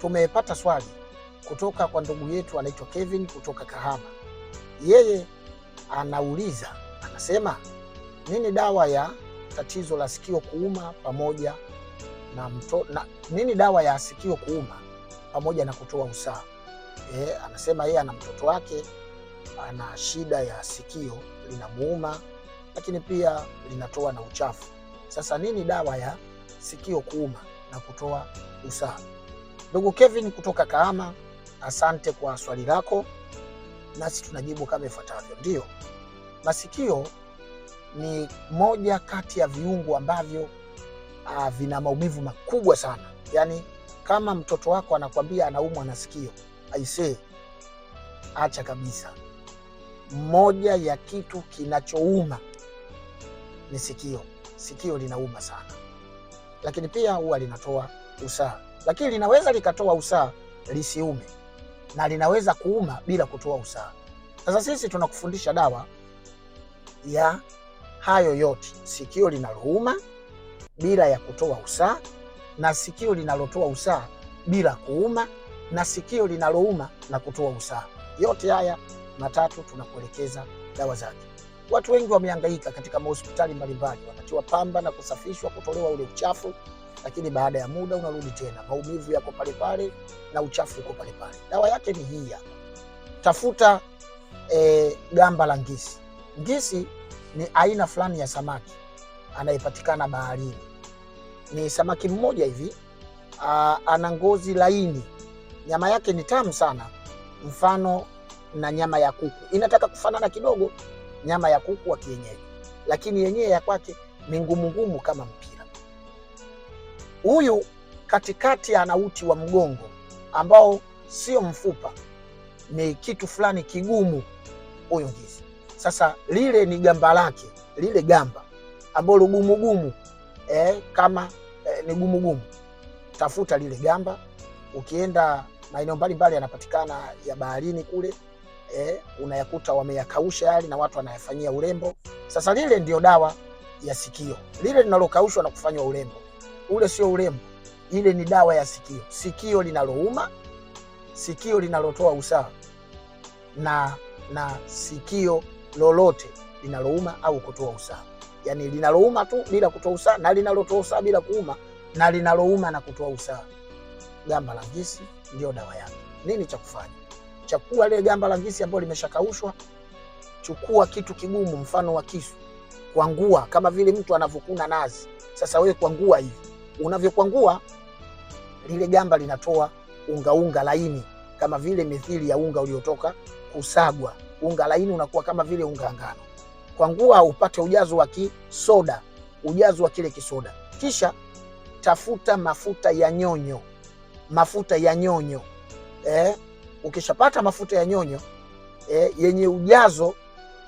tumepata swali kutoka kwa ndugu yetu anaitwa Kevin kutoka Kahama. Yeye anauliza anasema, nini dawa ya tatizo la sikio kuuma pamoja na, mto, na nini dawa ya sikio kuuma pamoja na kutoa usaha? E, anasema yeye ana mtoto wake ana shida ya sikio linamuuma, lakini pia linatoa na uchafu. Sasa nini dawa ya sikio kuuma na kutoa usaha? Ndugu Kevin kutoka Kahama, asante kwa swali lako, nasi tunajibu kama ifuatavyo. Ndiyo, masikio ni moja kati ya viungo ambavyo uh, vina maumivu makubwa sana. Yaani kama mtoto wako anakwambia anaumwa na sikio, aisee, acha kabisa. Moja ya kitu kinachouma ni sikio. Sikio linauma sana, lakini pia huwa linatoa usaha lakini linaweza likatoa usaha lisiume, na linaweza kuuma bila kutoa usaha. Sasa sisi tunakufundisha dawa ya hayo yote: sikio linalouma bila ya kutoa usaha, na sikio linalotoa usaha bila kuuma, na sikio linalouma na kutoa usaha. Yote haya matatu tunakuelekeza dawa zake. Watu wengi wamehangaika katika mahospitali mbalimbali, wanatiwa pamba na kusafishwa, kutolewa ule uchafu lakini baada ya muda unarudi tena, maumivu yako pale pale na uchafu uko pale pale. Dawa yake ni hii hapa. Tafuta e, gamba la ngisi. Ngisi ni aina fulani ya samaki anayepatikana baharini. Ni samaki mmoja hivi, ah, ana ngozi laini, nyama yake ni tamu sana, mfano na nyama ya kuku. Inataka kufanana kidogo nyama ya kuku wa kienyeji, lakini yenyewe ya kwake ni ngumungumu kama mpira. Huyu katikati ana uti wa mgongo ambao sio mfupa, ni kitu fulani kigumu huyu ngizi Sasa lile ni gamba lake, lile gamba ambalo gumugumu eh, kama eh, ni gumugumu. Tafuta lile gamba, ukienda maeneo mbalimbali yanapatikana ya baharini kule eh, unayakuta wameyakausha yale na watu wanayafanyia urembo. Sasa lile ndio dawa ya sikio lile linalokaushwa na kufanywa urembo ule sio urembo, ile ni dawa ya sikio. Sikio linalouma, sikio linalotoa usawa na na sikio lolote linalouma au kutoa usawa, yaani linalouma tu bila kutoa usawa na linalotoa usawa bila kuuma na linalouma na kutoa usawa. Gamba la ngisi ndio dawa yake. Nini cha kufanya? Chakua ile gamba la ngisi ambalo limeshakaushwa, chukua kitu kigumu, mfano wa kisu, kwangua kama vile mtu anavyokuna nazi. Sasa wewe kwangua hivi Unavyokwangua lile gamba linatoa ungaunga laini kama vile mithili ya unga uliotoka kusagwa. Unga laini unakuwa kama vile unga ngano. Kwangua upate ujazo wa kisoda, ujazo wa kile kisoda, kisha tafuta mafuta ya nyonyo, mafuta ya nyonyo eh. Ukishapata mafuta ya nyonyo eh, yenye ujazo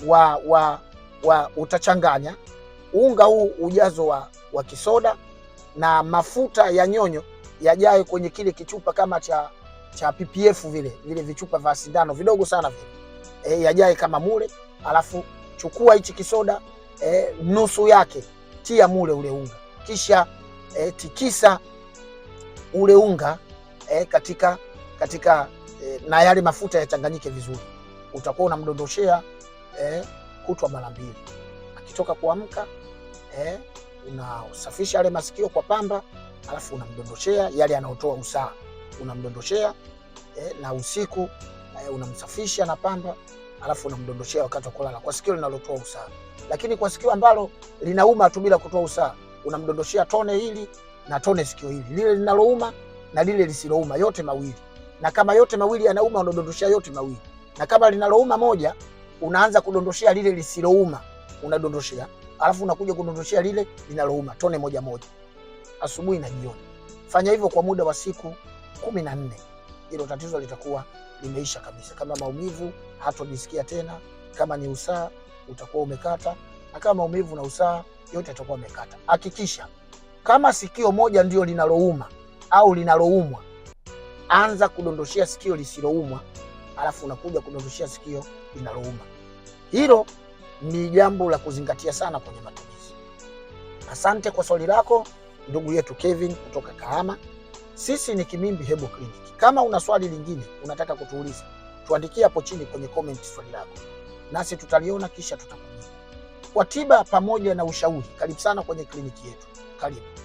wa, wa, wa utachanganya unga huu ujazo wa, wa kisoda na mafuta ya nyonyo yajae kwenye kile kichupa kama cha cha PPF vile vile vichupa vya sindano vidogo sana vile e, eh, yajae kama mule, alafu chukua hichi kisoda e, nusu yake tia mule ule unga kisha e, tikisa ule unga e, katika katika e, na yale mafuta yachanganyike vizuri, utakuwa unamdondoshea e, kutwa mara mbili akitoka kuamka eh, unasafisha yale masikio kwa pamba, alafu unamdondoshea yale anaotoa usaha, unamdondoshea eh, na usiku eh, unamsafisha na pamba, alafu unamdondoshea wakati wa kulala kwa sikio linalotoa usaha. Lakini kwa sikio ambalo linauma tu bila kutoa usaha, unamdondoshea tone hili na tone sikio hili, lile linalouma na lile lisilouma, yote mawili. Na kama yote mawili yanauma, unadondoshea yote mawili, na kama linalouma moja, unaanza kudondoshea lile lisilouma, unadondoshea alafu unakuja kudondoshea lile linalouma tone moja moja asubuhi na jioni. Fanya hivyo kwa muda wa siku kumi na nne. Hilo tatizo litakuwa limeisha kabisa. Kama maumivu, hatojisikia tena. Kama ni usaa utakuwa umekata, na kama maumivu na usaa yote yatakuwa umekata. Hakikisha kama sikio moja ndio linalouma au linaloumwa, anza kudondoshea sikio lisiloumwa, alafu unakuja kudondoshea sikio linalouma. Hilo ni jambo la kuzingatia sana kwenye matumizi. Asante kwa swali lako ndugu yetu Kevin kutoka Kahama. Sisi ni Kimimbi Hebo Clinic. Kama una swali lingine unataka kutuuliza, tuandikie hapo chini kwenye comment swali lako, nasi tutaliona kisha tutakujibu kwa tiba pamoja na ushauri. Karibu sana kwenye kliniki yetu, karibu.